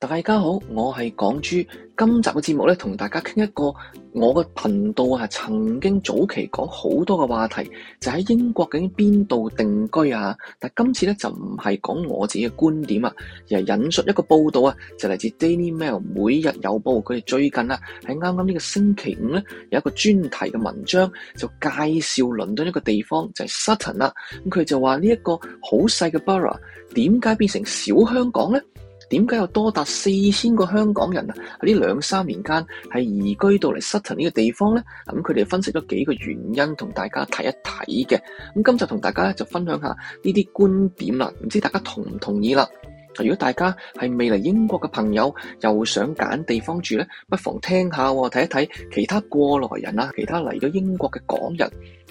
大家好，我係港豬。今集嘅節目咧，同大家傾一個我嘅頻道啊，曾經早期講好多嘅話題，就喺英國究竟邊度定居啊？但今次咧就唔係講我自己嘅觀點啊，而係引述一個報道啊，就嚟自 Daily Mail 每日郵報。佢哋最近啊，喺啱啱呢個星期五咧，有一個專題嘅文章，就介紹倫敦一個地方就係 Sutton 啦。咁佢就話呢一個好細嘅 borough 點解變成小香港咧？點解有多達四千個香港人啊喺呢兩三年間係移居到嚟 Sutton 呢個地方呢？咁佢哋分析咗幾個原因，同大家睇一睇嘅。咁、嗯、今集就同大家咧就分享一下呢啲觀點啦。唔知大家同唔同意啦？如果大家係未嚟英國嘅朋友，又想揀地方住呢，不妨聽一下喎，睇一睇其他過來人啊，其他嚟咗英國嘅港人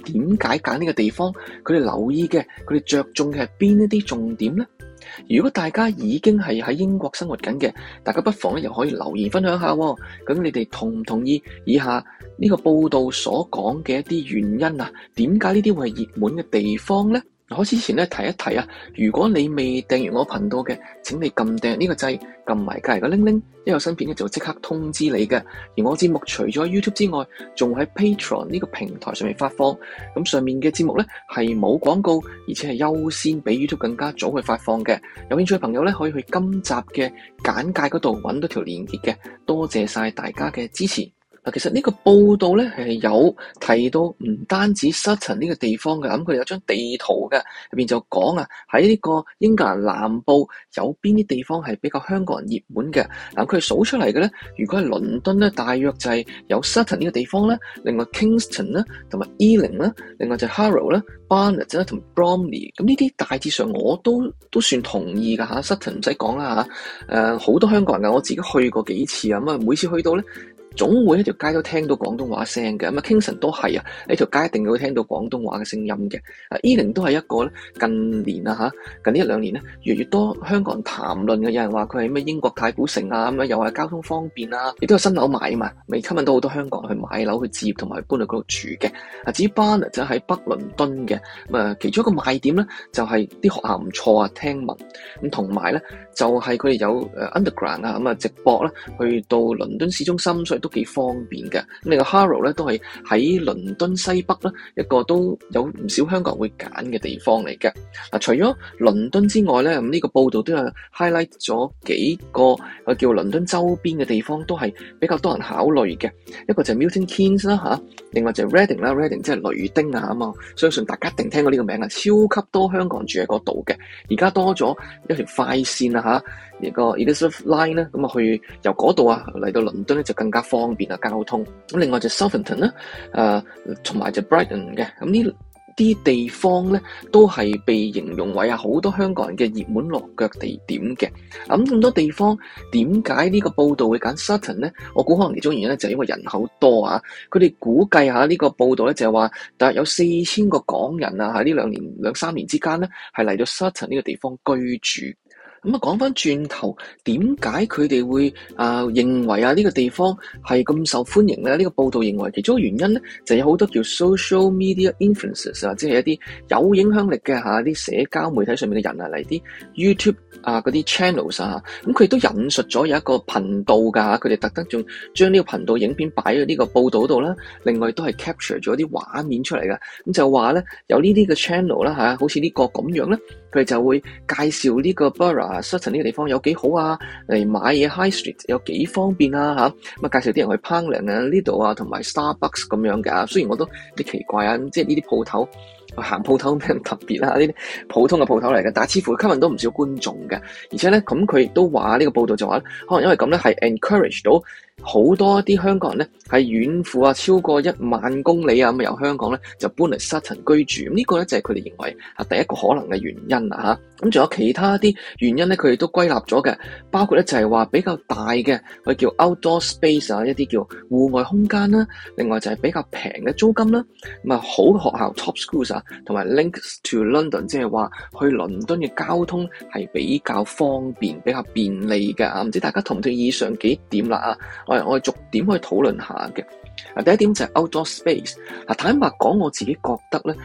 點解揀呢個地方？佢哋留意嘅，佢哋着重嘅係邊一啲重點呢？如果大家已經係喺英國生活緊嘅，大家不妨又可以留言分享下，咁你哋同唔同意以下呢個報道所講嘅一啲原因啊？點解呢啲會係熱門嘅地方呢？我之前咧提一提啊，如果你未訂閱我頻道嘅，請你撳訂呢個掣，撳埋隔籬個鈴鈴，一有新片咧就即刻通知你嘅。而我節目除咗 YouTube 之外，仲喺 Patreon 呢個平台上面發放。咁上面嘅節目咧係冇廣告，而且係優先比 YouTube 更加早去發放嘅。有興趣嘅朋友咧，可以去今集嘅簡介嗰度搵到條連結嘅。多謝晒大家嘅支持。其實呢個報道咧係有提到唔單止 Sutton 呢個地方嘅，咁佢有張地圖嘅，入邊就講啊，喺呢個英格蘭南部有邊啲地方係比較香港人熱門嘅。嗱，佢數出嚟嘅咧，如果係倫敦咧，大約就係有 Sutton 呢個地方咧，另外 Kingston 呢，同埋 Ealing 呢；另外就 Harrow，Barnet 呢，同 Bromley。咁呢啲大致上我都都算同意噶吓、啊、Sutton 唔使講啦吓，誒、啊、好多香港人我自己去過幾次啊，咁啊每次去到咧。總會呢條街都聽到廣東話聲嘅，咁啊 Kingston 都係啊，呢條街一定會聽到廣東話嘅聲音嘅。啊，Ealing 都係一個咧，近年啊近呢一兩年咧越來越多香港人談論嘅，有人話佢係咩英國太古城啊咁啊，又話交通方便啊，亦都有新樓買啊嘛，未吸引到好多香港人去買樓去置業同埋搬去嗰度住嘅。啊，至於 Barnet 就喺北倫敦嘅，咁啊其中一個賣點咧就係啲學校唔錯啊，聽聞咁同埋咧就係佢哋有 Underground 啊咁啊，直駁啦去到倫敦市中心，所以都。都幾方便嘅，咁你個 Harrow 咧都係喺倫敦西北啦，一個都有唔少香港人會揀嘅地方嚟嘅。嗱，除咗倫敦之外咧，咁、這、呢個報道都有 highlight 咗幾個啊叫倫敦周邊嘅地方，都係比較多人考慮嘅。一個就係 Milton Keynes 啦吓，另外就係 Reading 啦，Reading 即係雷丁啊嘛。相信大家一定聽過呢個名啊，超級多香港人住喺嗰度嘅。而家多咗一條快線啊吓，一個 Elizabeth Line 咧、嗯，咁啊去由嗰度啊嚟到倫敦咧就更加方便。方便啊，交通咁，另外就 Suffernton 咧、呃，同埋就 Brighton 嘅咁呢啲地方咧，都係被形容為係好多香港人嘅熱門落腳地點嘅。咁咁多地方點解呢個報道會揀 Sutton 咧？我估可能其中原因咧就係因為人口多啊。佢哋估計下呢個報道咧就係話，大約有四千個港人啊喺呢兩年兩三年之間咧係嚟到 Sutton 呢個地方居住。咁啊，講翻轉頭，點解佢哋會啊認為啊呢個地方係咁受歡迎咧？呢、呢個報導認為其中嘅原因咧，就有好多叫 social media influencers 啊，即係一啲有影響力嘅嚇啲社交媒體上面嘅人啊，嚟啲 YouTube 啊嗰啲 channels 啊，咁佢哋都引述咗有一個頻道噶，佢哋特登仲將呢個頻道影片擺喺呢個報導度啦。另外都係 capture 咗啲畫面出嚟㗎。咁就話咧有呢啲嘅 channel 啦、啊、嚇，好似呢個咁樣咧。佢哋就會介紹呢個 Borough、Sutton 呢個地方有幾好啊，嚟買嘢 High Street 有幾方便啊嚇，咁啊介紹啲人去 p a n 啊呢度啊，同埋、啊、Starbucks 咁樣㗎。雖然我都啲奇怪啊，即係呢啲鋪頭行鋪頭咩咁特別啊？呢啲普通嘅鋪頭嚟嘅，但係似乎吸引到唔少觀眾嘅。而且咧，咁佢都話呢個報導就話可能因為咁咧係 encourage 到。好多一啲香港人咧喺遠赴啊，超過一萬公里啊咁，由香港咧就搬嚟沙 n 居住。咁、這、呢個咧就係佢哋認為啊，第一個可能嘅原因啊吓，咁仲有其他一啲原因咧，佢哋都歸納咗嘅，包括咧就係話比較大嘅，佢叫 outdoor space 啊，一啲叫戶外空間啦。另外就係比較平嘅租金啦，咁啊好學校 top schools 啊，同埋 links to London，即係話去倫敦嘅交通係比較方便、比較便利嘅啊。唔知大家同唔同意以上幾點啦啊？我我哋逐點去討論下嘅。第一點就係 outdoor space。坦白講，我自己覺得咧、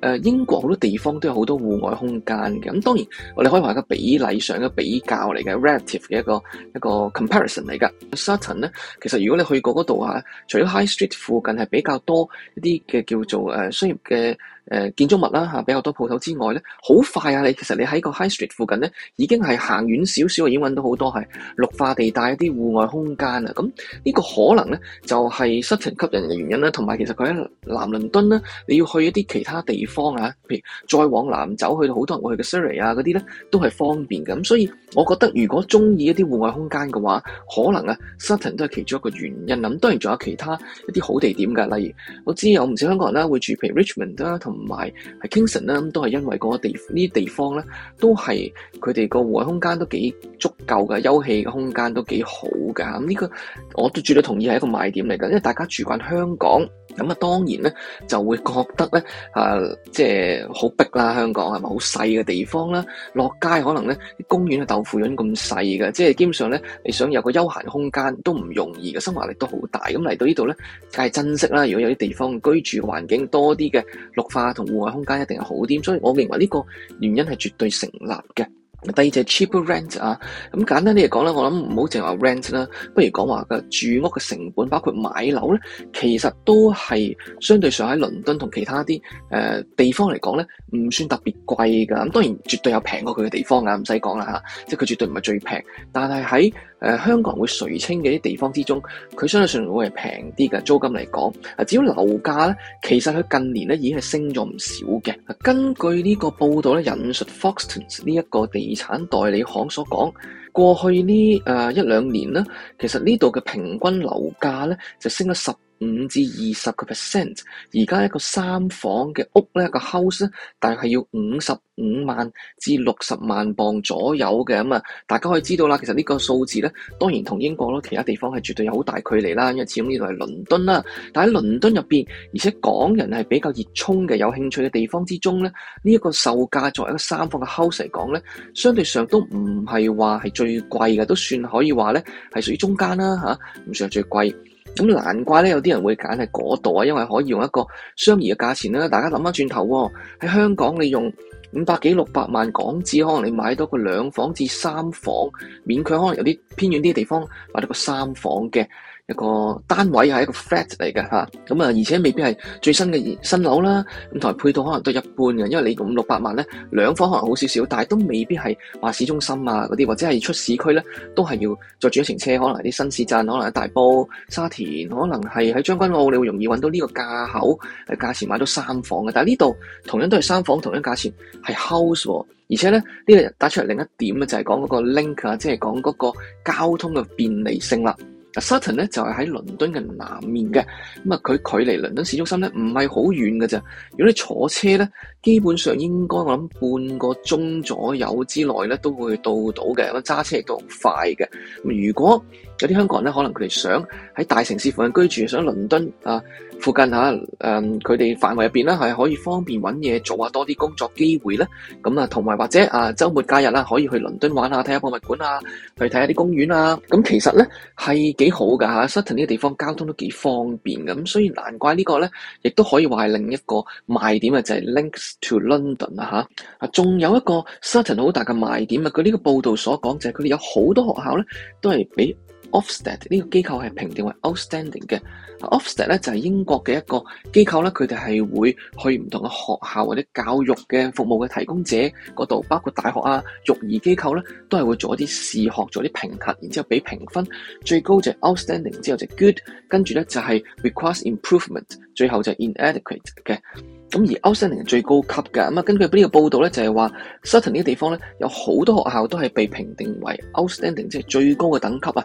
呃，英國好多地方都有好多戶外空間嘅。咁當然，我哋可以話一個比例上嘅比較嚟嘅，relative 嘅一個一個 comparison 嚟㗎。Sutton 咧，其實如果你去過嗰度吓，除咗 High Street 附近係比較多一啲嘅叫做誒、呃、商業嘅。誒、呃、建築物啦、啊、比較多鋪頭之外咧，好快啊！你其實你喺個 High Street 附近咧，已經係行遠少少，已經揾到好多係綠化地帶一啲戶外空間啦，咁呢個可能咧就係、是、Sutton 吸引嘅原因啦，同、啊、埋其實佢喺南倫敦咧，你要去一啲其他地方啊，譬如再往南走去到好多人會去嘅 Surrey 啊嗰啲咧，都係方便嘅咁、啊。所以我覺得如果中意一啲戶外空間嘅話，可能啊 Sutton 都係其中一個原因啦。咁、啊、當然仲有其他一啲好地點噶，例如我知有唔少香港人啦、啊、會住譬如 Richmond 啦、啊、同。同埋係 Kingston 咧，都係因為嗰個地，呢啲地方咧，都係佢哋個戶外空間都幾足夠噶，休憩嘅空間都幾好噶。咁、嗯、呢、這個我都絕對同意係一個賣點嚟噶，因為大家住慣香港。咁啊，當然咧就會覺得咧啊，即係好逼啦，香港係咪好細嘅地方啦？落街可能咧公園嘅豆腐潤咁細嘅，即係基本上咧，你想有個休閒空間都唔容易嘅，生活壓力都好大。咁嚟到呢度咧，梗係珍惜啦。如果有啲地方居住環境多啲嘅綠化同戶外空間，一定係好啲。所以我認為呢個原因係絕對成立嘅。第二隻 cheaper rent 啊，咁簡單啲嚟講啦，我諗唔好淨係話 rent 啦，不如講話個住屋嘅成本，包括買樓咧，其實都係相對上喺倫敦同其他啲誒、呃、地方嚟講咧，唔算特別貴㗎。咁、啊、當然絕對有平過佢嘅地方啊，唔使講啦吓，即係佢絕對唔係最平，但係喺誒香港人會垂青嘅啲地方之中，佢相對上會係平啲嘅租金嚟講。啊，至於樓價咧，其實佢近年咧已經係升咗唔少嘅。根據呢個報道咧，引述 Foxtons 呢一個地產代理行所講，過去呢誒一兩年咧，其實呢度嘅平均樓價咧就升咗十五至二十個 percent，而家一個三房嘅屋咧，一個 house 咧，大約係要五十五萬至六十萬磅左右嘅。咁啊，大家可以知道啦。其實呢個數字咧，當然同英國咯，其他地方係絕對有好大距離啦。因為始終呢度係倫敦啦，但喺倫敦入邊，而且港人係比較熱衷嘅、有興趣嘅地方之中咧，呢一個售價作為一個三房嘅 house 嚟講咧，相對上都唔係話係最貴嘅，都算可以話咧係屬於中間啦吓，唔算係最貴。咁難怪咧，有啲人會揀喺嗰度啊，因為可以用一個相宜嘅價錢咧。大家諗翻轉頭喎，喺香港你用五百幾六百萬港紙，可能你買到個兩房至三房，勉強可能有啲偏遠啲地方買到個三房嘅。一個單位係一個 flat 嚟嘅吓，咁啊，而且未必係最新嘅新樓啦，咁同埋配套可能都一般嘅，因為你五六百萬咧，兩房可能好少少，但係都未必係話市中心啊嗰啲，或者係出市區咧，都係要再轉一程車，可能啲新市鎮，可能喺大埔、沙田，可能係喺將軍澳，你會容易揾到呢個價口誒，價錢買到三房嘅，但係呢度同樣都係三房，同樣價錢係 house，而且咧呢個打出嚟另一點啊，就係講嗰個 link 啊，即係講嗰個交通嘅便利性啦。嗱，Sutton 咧就係喺倫敦嘅南面嘅，咁啊佢距離倫敦市中心咧唔係好遠嘅咋。如果你坐車咧，基本上應該我諗半個鐘左右之內咧都會到到嘅。咁揸車亦都好快嘅。如果有啲香港人咧，可能佢哋想喺大城市附近居住，想喺倫敦啊，呃附近嚇、啊，誒佢哋範圍入邊咧，係可以方便揾嘢做啊，多啲工作機會咧。咁啊，同埋或者啊，週末假日啦、啊，可以去倫敦玩下、啊，睇下博物館啊，去睇下啲公園啊。咁其實咧係幾好㗎嚇，Sutton 呢個地方交通都幾方便嘅。咁所以難怪這個呢個咧，亦都可以話係另一個賣點啊，就係、是、links to London 啊嚇。啊，仲有一個 Sutton 好大嘅賣點啊，佢呢個報道所講就係佢哋有好多學校咧都係俾。Ofsted 呢個機構係評定為 outstanding 嘅。Ofsted 咧就係英國嘅一個機構咧，佢哋係會去唔同嘅學校或者教育嘅服務嘅提供者嗰度，包括大學啊、育兒機構咧，都係會做一啲試學、做一啲評核，然之後俾評分，最高就 outstanding 之後就 good，跟住咧就係 request improvement，最後就 inadequate 嘅。咁而 outstanding 係最高級㗎。咁啊，根據呢個報道咧，就係話 Sutton 呢個地方咧，有好多學校都係被評定為 outstanding，即係最高嘅等級啊。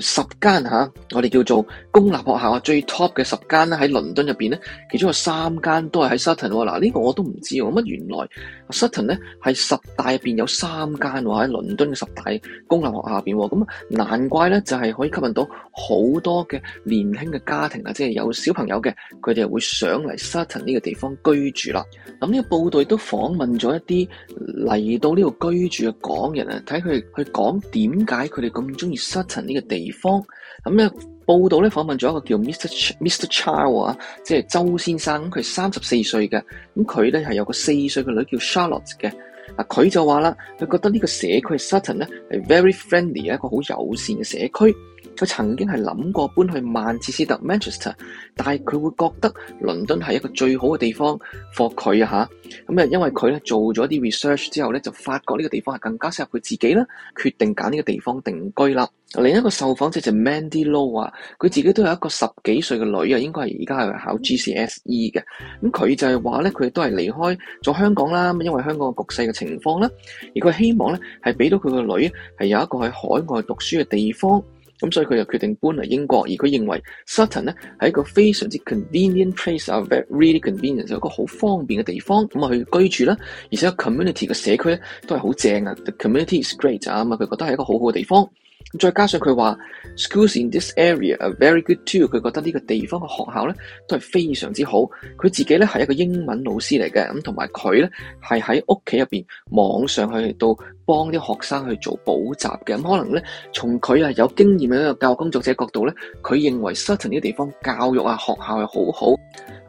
十間嚇，我哋叫做公立學校啊，最 top 嘅十間咧，喺倫敦入面咧，其中有三間都係喺 Sutton 喎。嗱，呢個我都唔知喎，乜原來 Sutton 咧係十大入面有三間喎，喺倫敦嘅十大公立學校入邊，咁難怪咧就係可以吸引到好多嘅年輕嘅家庭啊，即係有小朋友嘅，佢哋會上嚟 Sutton 呢個地方居住啦。咁呢個報道都訪問咗一啲嚟到呢度居住嘅港人啊，睇佢去講點解佢哋咁中意 Sutton 呢個地。地方咁咧，報道咧訪問咗一個叫 Mr. Ch- Mr. Charles 啊，即係周先生，佢三十四歲嘅，咁佢咧係有個四歲嘅女叫 Charlotte 嘅。啊，佢就話啦，佢覺得呢個社區 Sutton 咧係 very friendly 一個好友善嘅社區。佢曾經係諗過搬去曼徹斯特 Manchester，但係佢會覺得倫敦係一個最好嘅地方，for 佢啊，吓咁啊，因為佢咧做咗啲 research 之後咧，就發覺呢個地方係更加適合佢自己啦，決定揀呢個地方定居啦。另一個受訪者就是 Mandy Low 啊，佢自己都有一個十幾歲嘅女啊，應該係而家係考 GCSE 嘅。咁、嗯、佢就係話咧，佢都係離開咗香港啦，因為香港嘅局勢嘅情況啦，而佢希望咧係俾到佢個女係有一個喺海外讀書嘅地方。咁、嗯、所以佢就決定搬嚟英國，而佢認為 Sutton 咧係一個非常之 convenient place very convenient 就有個好方便嘅地方，咁、嗯、啊去居住啦，而且個 community 嘅社區咧都係好正啊，the community is great 啊、嗯，咁啊佢覺得係一個好好嘅地方。再加上佢話 schools in this area are very good too，佢覺得呢個地方嘅學校咧都係非常之好。佢自己咧係一個英文老師嚟嘅，咁同埋佢咧係喺屋企入面，網上去到。幫啲學生去做補習嘅咁，可能咧從佢啊有經驗嘅一個教育工作者角度咧，佢認為 Sutton 呢個地方教育啊學校係好好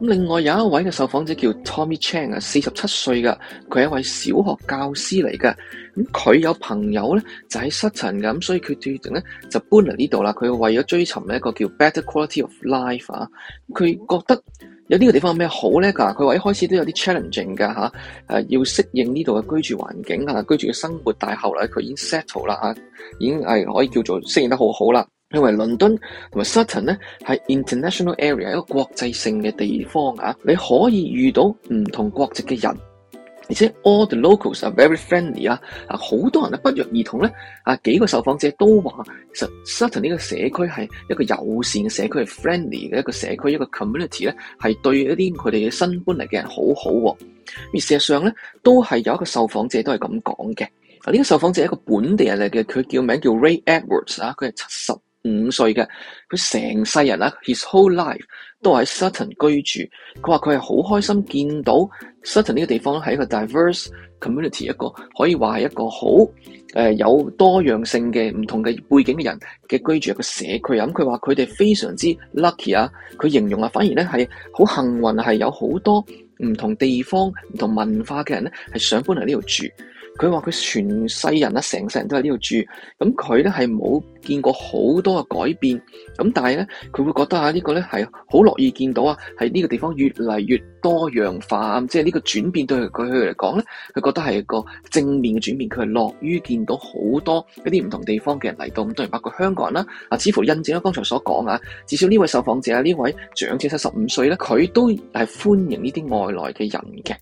咁。另外有一位嘅受訪者叫 Tommy Chang 啊，四十七歲噶佢係一位小學教師嚟嘅。咁佢有朋友咧就喺 Sutton 嘅，咁所以佢決定咧就搬嚟呢度啦。佢為咗追尋一個叫 Better Quality of Life 啊，佢覺得。有呢個地方有咩好咧？佢話一開始都有啲 challenging 㗎嚇，要適應呢度嘅居住環境啊、居住嘅生活大，但係後來佢已經 settle 啦、嚇、已經係可以叫做適應得好好啦。因為倫敦同埋 Sutton 咧係 international area，一個國際性嘅地方啊，你可以遇到唔同國籍嘅人。而且 all the locals are very friendly 啊啊，好多人啊不約而同咧啊幾個受訪者都話，其實 Sutton 呢個社區係一個友善嘅社區係 friendly 嘅一個社區一個 community 咧係對一啲佢哋嘅新搬嚟嘅人好好而事實上咧，都係有一個受訪者都係咁講嘅。啊，呢個受訪者係一個本地人嚟嘅，佢叫名叫 Ray Edwards 啊，佢係七十。五歲嘅，佢成世人啊，his whole life 都喺 Sutton 居住。佢話佢係好開心見到 Sutton 呢個地方咧，係一個 diverse community，可以說是一個可以話係一個好誒有多樣性嘅唔同嘅背景嘅人嘅居住一個社區啊。咁佢話佢哋非常之 lucky 啊，佢形容啊，反而咧係好幸運係有好多唔同地方唔同文化嘅人咧係想搬嚟呢度住。佢話：佢全世人啦，成世人都喺呢度住，咁佢咧係冇見過好多嘅改變。咁但係咧，佢會覺得啊，呢個咧係好樂意見到啊，係呢個地方越嚟越多樣化，即係呢個轉變對佢嚟講咧，佢覺得係個正面嘅轉變。佢係樂於見到好多一啲唔同地方嘅人嚟到，咁多人包括香港人啦。啊，似乎印證咗剛才所講啊，至少呢位受訪者啊，呢位長者七十五歲咧，佢都係歡迎呢啲外來嘅人嘅。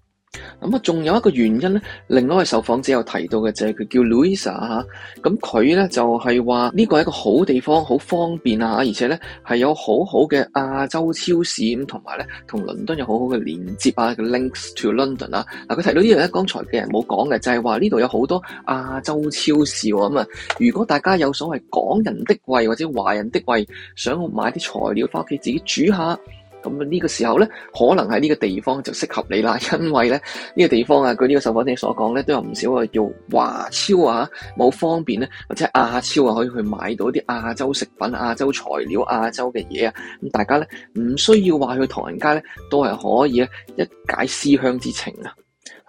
咁啊，仲有一個原因咧，另外一位受訪者有提到嘅就係、是、佢叫 Louisa 吓，咁佢咧就係話呢個係一個好地方，好方便啊，而且咧係有好好嘅亞洲超市咁，同埋咧同倫敦有好好嘅連接啊，嘅 links to London 嗱，佢提到呢度咧，剛才嘅人冇講嘅就係話呢度有好多亞洲超市，咁啊、就是，如果大家有所謂港人的胃或者華人的胃，想去買啲材料翻屋企自己煮下。咁呢個時候咧，可能喺呢個地方就適合你啦，因為咧呢個地方啊，據呢個售貨員所講咧，都有唔少啊叫華超啊，好方便咧，或者亞超啊，可以去買到啲亞洲食品、亞洲材料、亞洲嘅嘢啊。咁大家咧唔需要話去唐人街咧，都係可以一解思鄉之情啊！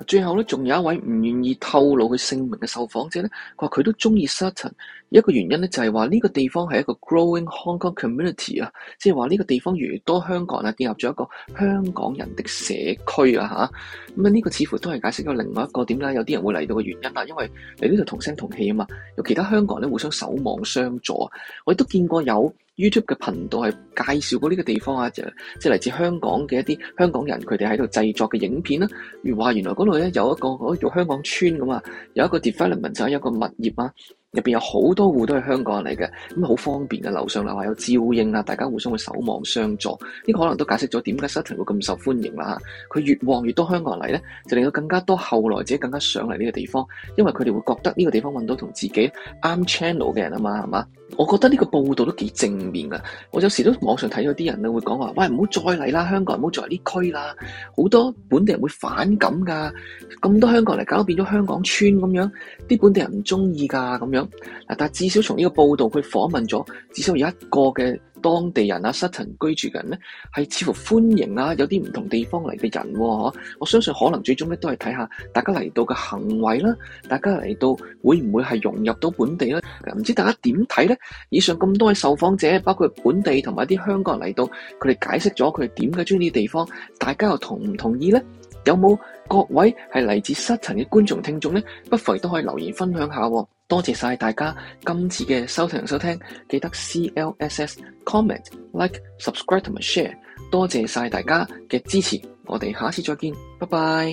最後咧，仲有一位唔願意透露佢姓名嘅受訪者咧，佢話佢都中意 Sutton。一個原因咧就係話呢個地方係一個 Growing Hong Kong Community 啊，即係話呢個地方越嚟越多香港人啊，建立咗一個香港人的社區啊吓？咁啊呢個似乎都係解釋咗另外一個點解有啲人會嚟到嘅原因啦，因為嚟呢度同聲同氣啊嘛，由其他香港人咧互相守望相助啊，我亦都見過有。YouTube 嘅頻道係介紹過呢個地方啊，就即係嚟自香港嘅一啲香港人，佢哋喺度製作嘅影片啦。如話原來嗰度咧有一個嗰個叫香港村咁啊，有一個 development 就係一個物業啊。入邊有好多戶都係香港人嚟嘅，咁好方便嘅、啊、樓上樓下有照應啦、啊，大家互相會守望相助。呢、這個可能都解釋咗點解 Sutton 會咁受歡迎啦、啊、佢越旺越多香港人嚟呢，就令到更加多後來者更加上嚟呢個地方，因為佢哋會覺得呢個地方揾到同自己啱 channel 嘅人啊嘛，係嘛？我覺得呢個報導都幾正面㗎。我有時都網上睇到啲人會講話，喂唔好再嚟啦，香港人唔好再嚟呢區啦，好多本地人會反感㗎。咁多香港人嚟搞到變咗香港村咁樣，啲本地人唔中意㗎咁嗱，但至少從呢個報道，去訪問咗至少有一個嘅當地人啊，Sutton 居住人咧，係似乎歡迎啊，有啲唔同地方嚟嘅人、哦，喎，我相信可能最終咧都係睇下大家嚟到嘅行為啦，大家嚟到會唔會係融入到本地咧？唔知道大家點睇呢？以上咁多位受訪者，包括本地同埋啲香港人嚟到，佢哋解釋咗佢哋點嘅中意地方，大家又同唔同意呢？有冇各位係嚟自 Sutton 嘅觀眾聽眾呢？不妨都可以留言分享一下、哦。多謝晒大家今次嘅收聽收聽，記得 CLSS comment like subscribe 同埋 share，多謝晒大家嘅支持，我哋下次再見，拜拜。